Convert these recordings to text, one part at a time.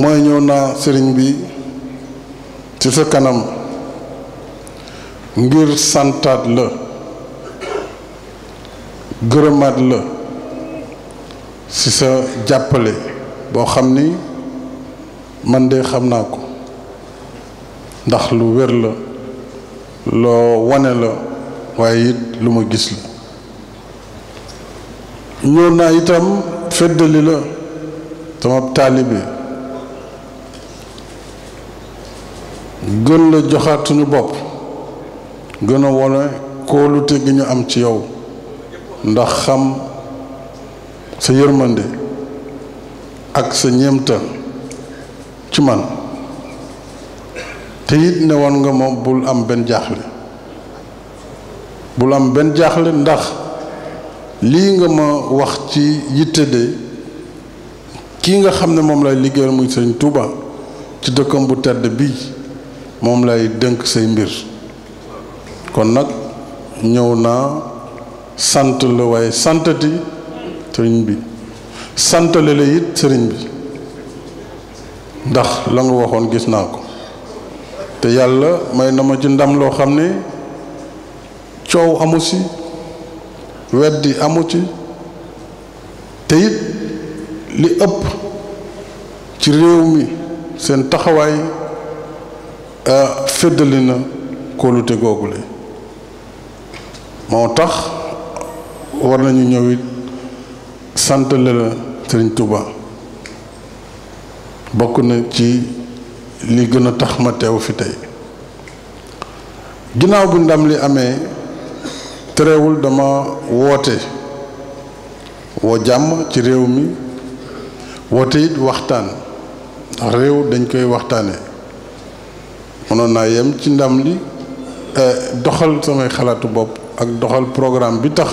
mooy ñëw naa sëriñ bi ci sa kanam ngir santaat la gërëmaat la ci sa jàppale boo xam ni man de xam naa ko ndax lu wér la loo wane la waaye it lu ma gis la ñëw naa itam feddali la sama taalibe gën la joxaat suñu bopp gën a wone kóolute gi ñu am ci yow ndax xam sa yërmande ak sa ñeemtal ci man te it ne woon nga moom bul am benn jaaxle bul am benn jaaxle ndax lii nga ma wax ci yitte de kii nga xam ne moom lay liggéeyal muy sëñ Tuuba ci dëkkam bu tedd bii moom lay dënk say mbir kon nag ñëw naa sant la waaye santati sëriñ bi santale la it sëriñ bi ndax la nga waxoon gis naa ko te yàlla may na ma ci ndam loo xam ne coow amu ci weddi amu ci te it li ëpp ci réew mi seen taxawaay Euh, féddali na kóolute googule moo tax war nañu ñëw it santale la Sëriñ Tuuba bokk na ci li gën a tax ma teew fi tey ginnaaw bu ndam li amee terewul dama woote woo jàmm ci réew mi woote it waxtaan réew dañ koy waxtaane mënoon naa yem ci ndam li eh, doxal samay xalaatu bopp ak doxal programme bi tax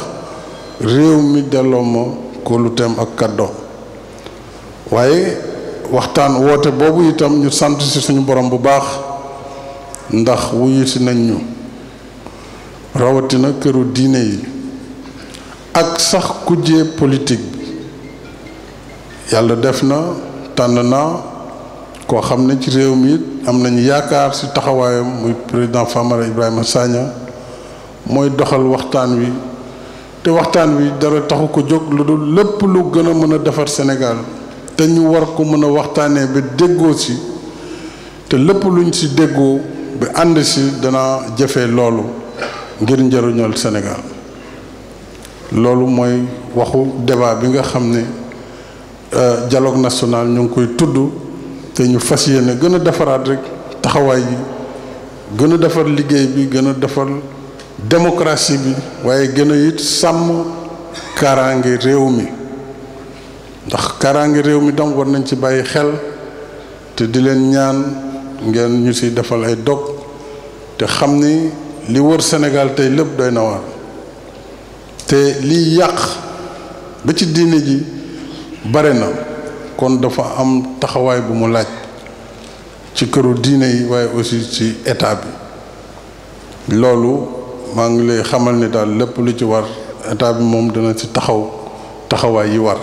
réew mi delloo ma ko ak kàddo waaye waxtaan woote boobu itam ñu sant ci suñu borom bu baax ndax wuyu si nañ ñu rawatina këru diine yi ak sax kujjee politique bi yàlla def na tànn na koo xam ne ci réew mi it am nañu yaakaar si taxawaayam muy président Famara Ibrahima Sagna mooy doxal waxtaan wi te waxtaan wi dara taxu ko jóg lu dul lépp lu gën a mën a defar Sénégal te ñu war ko mën a waxtaanee ba déggoo si te lépp luñ si déggoo bi ànd si dana jëfee loolu ngir njëriñal Sénégal loolu mooy waxu débat bi nga xam ne jaloog euh, national ñu ngi koy tudd te ñu fas yéene gën a defaraat rek taxawaay yi gën a defar liggéey bi gën a defar démocratie bi waaye gën a it sàmm kaaraange réew mi ndax kaaraange réew mi donc war nañ ci bàyyi xel te di leen ñaan ngeen ñu ci defal ay dog te xam ni li wër senegal tey lépp doy na waar te liy yàq ba ci diine ji bare na kon dafa am taxawaay bu mu laaj ci këru diine yi waaye aussi ci état bi loolu maa ngi lay xamal ni daal lépp lu ci war état bi moom dana ci taxaw taxawaay yi war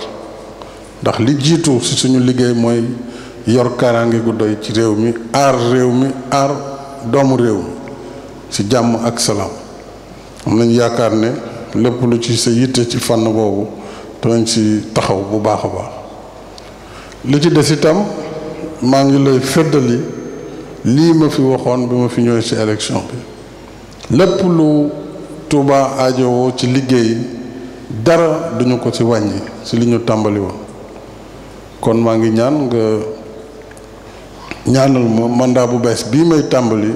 ndax li jiitu ci suñu liggéey mooy yor kaaraange gu doy ci réew mi aar réew mi aar doomu réew mi ci jàmm ak salaam am nañ yaakaar ne lépp lu ci sa yitte ci fànn boobu danañ ci taxaw bu baax a baax li ci des itam maa ngi lay feddali lii ma fi waxoon bi ma fi ñëwee ci élection bi lépp lu Touba aajowoo ci liggéey dara duñu ko ci wàññi ci li ñu tàmbali woon kon maa ngi ñaan nga ñaanal ma mandat bu bees bii may tàmbali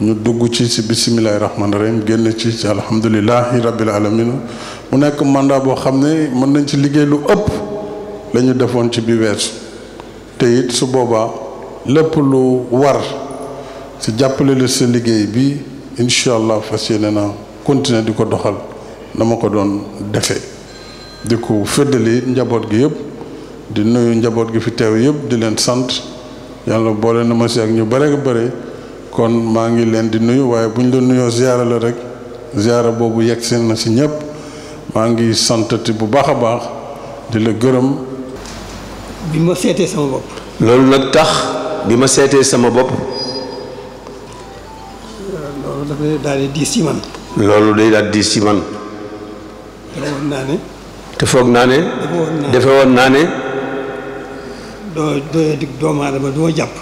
ñu dugg ci ci bisimilahi rahmaani rahim génn ci ci alhamdulilahi rabbil alamin mu nekk mandat boo xam ne mën nañ ci liggéey lu ëpp la defoon ci bi weesu su boobaa lépp lu war si jàppale la sa liggéey bi incha fas yéene na continuer di ko doxal dama ko doon defe di ko féddali njaboot gi yëpp di nuyu njaboot gi fi teew yëpp di leen sant yàlla boole na ma si ak ñu bare bare kon maa ngi leen di nuyu waaye bu ñu la nuyoo ziyaara la rek ziyaara boobu yegg seen na si ñëpp maa ngi santati bu baax a baax di la gërëm bi ma seetee sama bopp. loolu nag tax bi ma seetee sama bopp. loolu dafay daal diis ci man. loolu day daal diis ci man. naa ne. te foog naa ne. defe woon naa ne. doo doyee dig doomu aadama du jàpp.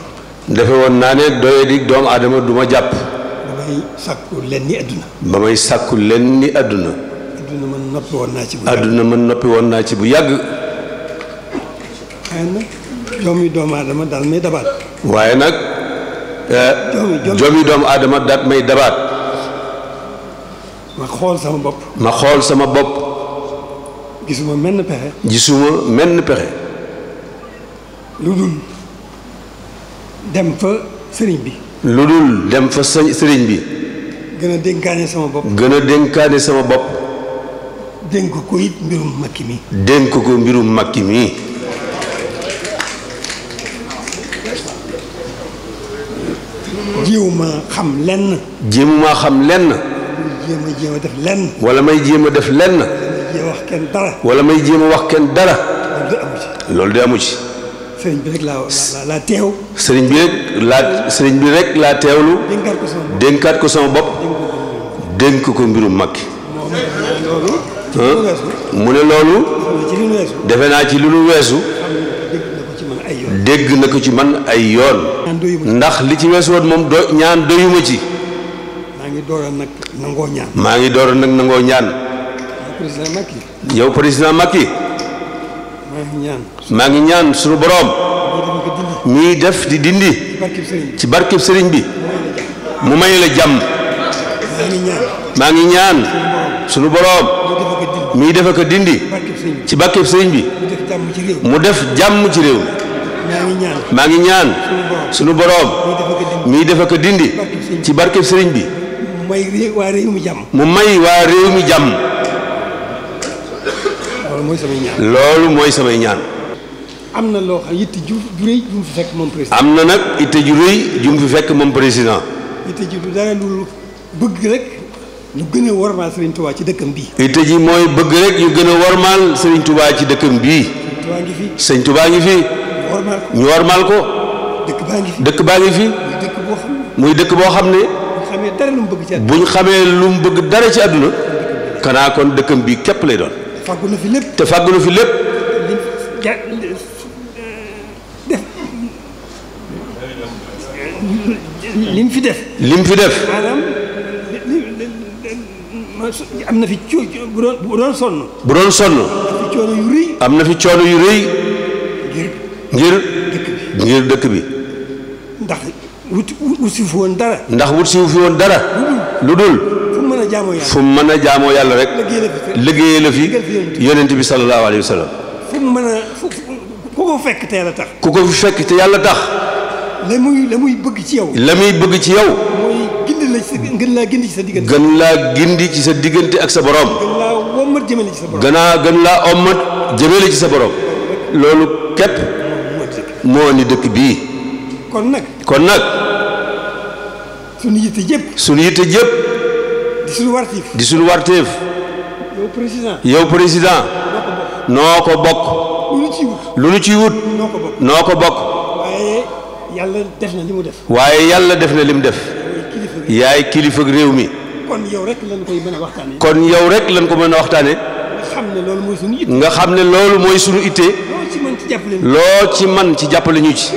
defe woon naa ne doyee dig doomu aadama du ma jàpp. ba may sàkku leen ni àdduna. ba may sàkku leen ni àdduna. àdduna man woon naa ci àdduna man noppi woon naa ci bu yàgg. xëy na joomi doomu aadama daal may dabaat. waaye nag. joomi eh, joomi doomu aadama daal may dabaat. ma xool sama bopp. ma xool sama bopp. gisuma menn pexe. gisuma menn pexe. lu dul dem fa sëriñ bi. lu dul dem fa sëriñ bi. gën a dénkaane sama bopp. gën a dénkaane sama bopp. dénk ko it mbirum makki mii dénk ko mbirum makki mi. jéemuma xam lenn. jéemuma xam lenn. jéem a jéem lenn. wala may jéem a def lenn. wala may jéem a wax kenn dara. loolu de amu ci. sëriñ bi rek laa teew. sëriñ bi rek laa teewlu. dénkaat ko sama bopp. dénk ko mbirum mag. mu ne loolu. defe naa ci lu nu weesu. dégg na ko ci man ay yoon. ndax li ci weesu woon moom do ñaan doyuma ci. maa ngi door a nag nangoo ñaan. maa ngi door nag nangoo ñaan. président Macky. yow président Macky. maa ngi ñaan. maa ngi ñaan suñu boroom. ñuy def di dindi. ci barkib sëriñ bi. mu may la jàmm. maa ngi ñaan. sunu boroom. ñuy def ak dindi. ci barkib sëriñ bi. mu def jàmm ci réew maa ngi ñaan sunu boroom mii dafa ko dindi ci barkeb sëriñ bi mu may waa réew mi jàmm mu may waa réew mi jàmm loolu mooy samay ñaan am na loo xam yitte ju rëy ju fi fekk moom président am na nag ju ju mu fi fekk moom président yitte ji du dara lu bëgg rek ñu gën a warmaal Serigne Touba ci dëkkam bii. yitte ji mooy bëgg rek ñu gën a warmaal Serigne Touba ci dëkkam bii. Serigne Touba ngi fi. ñu warmal ko dëkk baa ngi fi muy dëkk boo xam ne bu ñu xamee lu mu bëgg dara ci àdduna kanaa kon dëkkam bi képp lay doon te fàggu na fi lépp lim fi def fi def am na fi bu doon am na fi coono yu rëy ngir ngir dëkk bi ndax wut wut si woon dara ndax wut si fi woon dara lu dul fu mu mën a jaamoo yàlla rek liggéey la fi yonent bi sallallahu alayhi wa sallam mën a ku ko fekk te yàlla tax ku la muy la muy bëgg ci yow la muy bëgg ci yow gën laa gindi ci sa diggante gën laa gindi ci sa diggante ak sa borom. gën laa ommat jëmale ci sa borom. gën laa gën laa ommat ci sa borom. loolu képp. moo ni dëkk bii. kon nag kon nag. sunu yitte jëpp. sunu yitte jëpp. di sunu warteef. di yow président. yow président. noo ko bokk. lu nu ciy wut. noo ko bokk noo ko waaye yàlla def na li mu def. waaye yàlla def na li mu def. yaay kilifa réew mi. kon yow rek lañ koy mën a yow rek lañ ko mën a waxtaanee. nga xam ne loolu mooy sunu yitte. nga xam ne loolu mooy sunu yitte. loo ci man ci jàppale ñu ci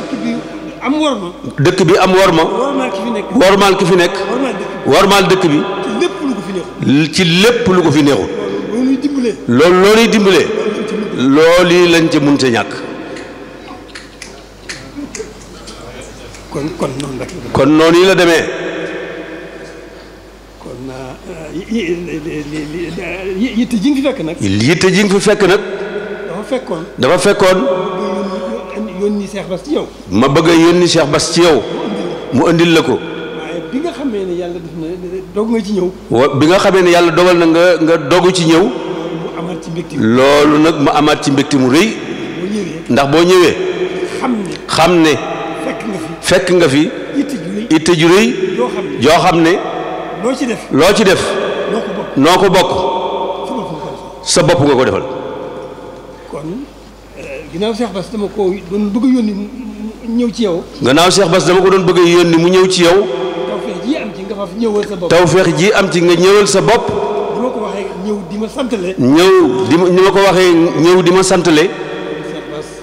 dëkk bi am worma wormaal ki fi nekk wormaal dëkk bi ci lépp lu ko fi neexul loolu loo ñuy dimbalee yi lañ ci mënta ñàkk kon noonu yi la demee yitte fekk nag yitte ji nga fi fekk nag fekkoon. dafa fekkoon. ma bëgg a yónni Cheikh Bass ci yow. mu indil la ko. bi nga xamee ne yàlla ci ñëw. bi nga xamee ne yàlla dogal na nga nga dogu ci ñëw. loolu nag mu amaat ci mbégte mu rëy. ndax boo ñëwee. xam ne. fekk nga fi. itte ju rëy. joo xam ne. loo ci loo ci def. noo ko bokk. sa bopp nga ko defal. ni euh, ginnaaw Cheikh Bass ko doon bëgg ñëw ci yow. gannaaw Cheikh Bass dama ko doon bëgg a ni mu ñëw ci yow. tawfeex ji am ci nga fa ñëwal sa bopp. tawfeex ji am ci nga ñëwal sa bopp. ni ko waxee ñëw di ma santale. ñëw di ma ni ko waxee ñëw di ma santale.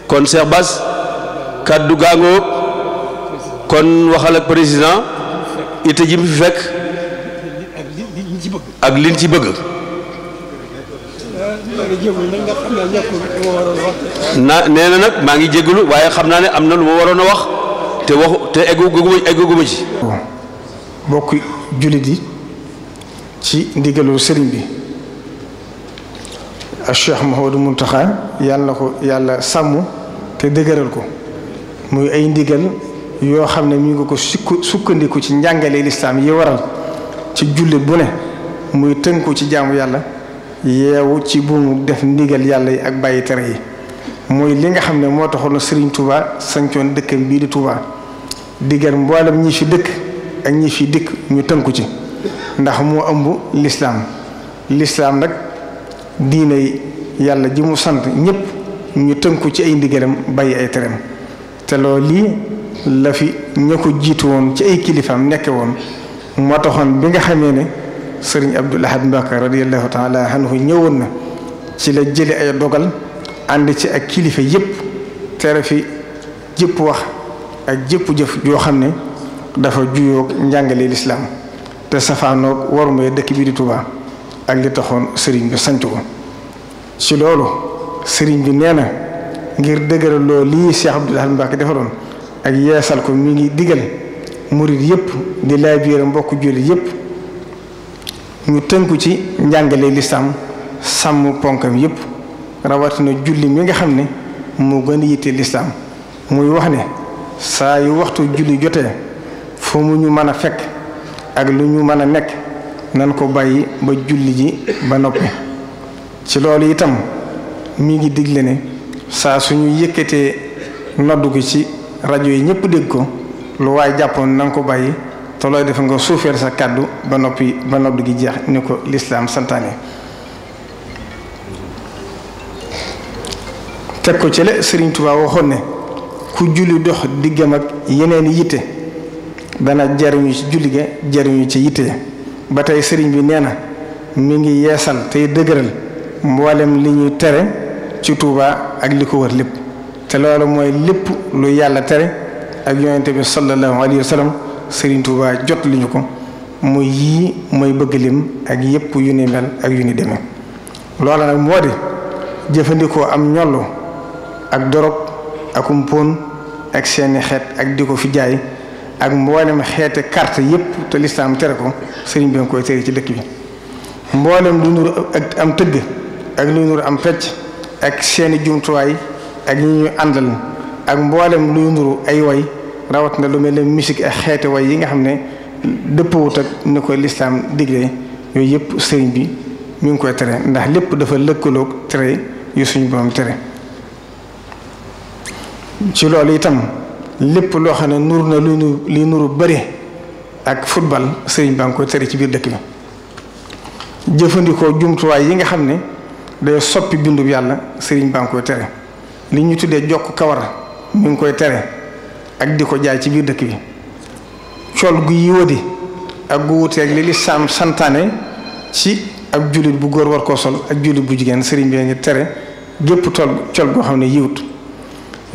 kon Cheikh Bass kaddu gaangoo kon waxal ak président. it ji mu fi fekk. ak li ci bëgg. ci bëgg. na nee nag maa ngi jégalu waaye xam naa ne am na lu ma waroon a wax te waxu te eggu eggu ma bokk jullit yi ci ndigalu sëriñ bi ak Cheikh Mouhamadou Mountakha yàlla ko yàlla sàmm te dëgëral ko muy ay ndigal yoo xam ne mu ngi ko sukk sukkandiku ci njàngale lislaam yi waral ci jullit bu ne muy tënku ci jaamu yàlla. yeewu ci buumu def ndigal yàlla yi ak bàyyi tere yi mooy li nga xam ne moo taxoon Serigne Touba sancoon dëkkam bii di Touba digal mboolem ñi fi dëkk ak ñi fi dikk ñu tënku ci ndax moo ëmb lislaam lislaam nag diine yàlla ji mu sant ñëpp ñu tënku ci ay ndigalam bàyyi ay tereem te loo lii la fi ña ko jiitu woon ci ay kilifaam nekke woon moo taxoon bi nga xamee ne sëriñ Abdul Ahad Mbacké radiyallahu taala anhu ñëwoon na ci la jële ay dogal ànd ci ak kilifa yépp tere fi jëpp wax ak jëpp jëf joo xam ne dafa juyoog njàngale lislaam te safaanoog warumee dëkk bi di Touba ak li taxoon sëriñ bi sanc ko ci loolu sëriñ bi nee na ngir dëgëral loo lii Cheikh Abdoul Ahad Mbacké defaroon ak yeesal ko mi ngi digal murit yépp di laaj biir mbokk jullit yépp ñu tënku ci njàngale lislaam sàmm ponkam yépp rawatina julli mi nga xam ne moo gën a yitte lislaam muy wax ne saa yu waxtu julli jotee foo mu ñu mën a fekk ak lu ñu mën a nekk nan ko bàyyi ba julli ji ba noppi ci loolu itam mi ngi digle ne saa suñu yëkkatee noddu ko ci rajo yi ñépp dégg ko lu waaye jàppoon nan ko bàyyi te looy def nga suufeel sa kàddu ba noppi ba noppi gi jeex ni ko lislaam santaane teg ko ci la Sëriñ Tuubaa waxoon ne ku julli dox diggam ak yeneen yitte dana jariñu ci julli ga jariñu ci yitte ba tey sëriñ bi nee na mi ngi yeesal tey dëgëral mboolem li ñuy tere ci Tuubaa ak li ko wër lépp te loolu mooy lépp lu yàlla tere ak yonente bi sallallahu alayhi wa sëriñ Touba jot li ñu ko muy yii mooy bëgg lim ak yëpp yu ni mel ak yu ni demee loola nag moo di jëfandikoo am ñolo ak dorog ak umpon ak seeni xet ak di ko fi jaay ak mboolem xeete carte yëpp te lislaam tere ko sëriñ bi nga koy tere ci dëkk bi mboolem lu nur ak am tëgg ak lu nur am pecc ak seeni jumtuwaay ak ñi ñuy àndal ak mboolem lu nuru ay way rawat na lu mel ni musique ay xeeti way yi nga xam ne dëppawut ak ni ko lislaam digle yooyu yëpp sëriñ bi mi ngi koy tere ndax lépp dafa lëkkaloog tere yu suñu borom tere ci loolu itam lépp loo xam ne nur na lu nu li nuru bëri ak futbal sëriñ baa ngi koy tere ci biir dëkk bi jëfandikoo jumtuwaay yi nga xam ne day soppi bindub yàlla sëriñ baa ngi koy tere li ñu tuddee jokk kawar mi ngi koy tere ak di ko jaay ci biir dëkk bi col gu yóodi ak gu wuteeg li li saam santaane ci ak jullit bu góor war koo sol ak jullit bu jigéen sëriñ bi tere gépp tol col goo xam ne yiwut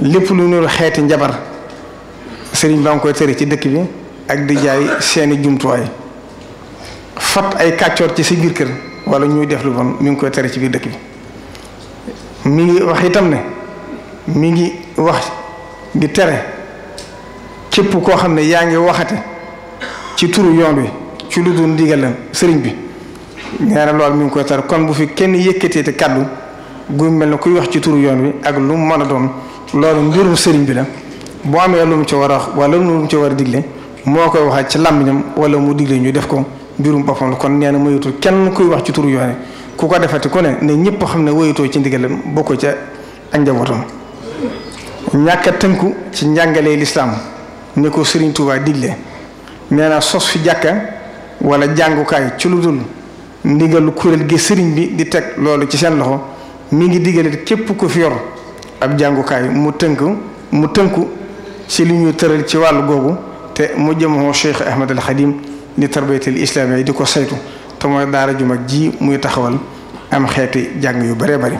lépp lu nuru xeeti njabar sëriñ baa ngi koy tere ci dëkk bi ak di jaay seeni jumtuwaay fat ay kàccoor ci si biir kër wala ñuy def lu bon mi ngi koy tere ci biir dëkk bi mi ngi wax itam ne mu ngi wax di tere képp koo xam ne yaa ngi waxate ci turu yoon wi ci lu dul ndigalam sëriñ bi nee na loolu mu ngi koy tar kon bu fi kenn yëkkatee te kàddu gu mel ne kuy wax ci turu yoon wi ak lu mu mën a doon loolu mbirum sëriñ bi la boo amee lu mu ci war a wax wala lu mu war a digle moo koy waxaat ci làmmiñam wala mu digle ñu def ko mbirum boppam la kon nee na moytu kenn kuy wax ci turu yoon ku ko defati ku ne ne ñëpp xam ne woyatoo ci ndigalam bokk ca ak njabootam ñàkk a tënku ci njàngalee lislaam ni ko Serigne Touba digle nee na sos fi jàkka wala jàngukaay ci lu dul ndigalu kuréel gi sëriñ bi di teg loolu ci seen loxo mu ngi digale képp ko fi yor ab jàngukaay mu tënku mu tënku ci li ñu tëral ci wàll googu te mu jëmoo Cheikh Ahmed Al Khadim li tarbiyatul islam yi di ko saytu te mooy daara ju mag ji muy taxawal am xeeti jàng yu bare bari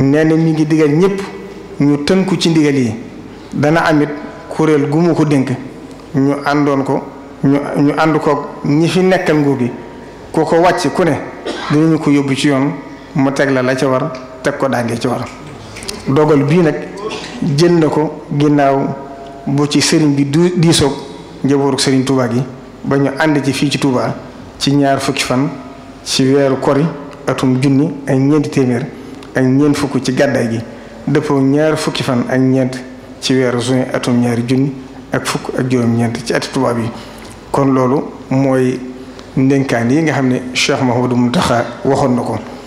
nee na mi ngi digal ñëpp ñu tënku ci ndigal yi dana amit kuréel gu ko dénk ñu àndoon ko ñu ñu ànd ko ñi fi nekkal nguur gi ku ko wàcc ku ne dinañu ko yóbbu ci yoon mu teg la la ca war teg ko daangee ci war dogal bii nag jël na ko ginnaaw bu ci sëriñ bi du diisoog njabooru sëriñ Touba gi ba ñu ànd ci fii ci Touba ci ñaar fukki fan ci weeru kori atum junni ak ñeenti téeméer ak ñeent fukk ci gàddaay gi dëppoo ñaar fukki fan ak ñeent ci weeru juin atum ñaari junni ak fukk ak juróom-ñeent ci ati tubaab yi kon loolu mooy ndénkaan yi nga xam ne Cheikh Mouhamadou Mountakha waxoon na ko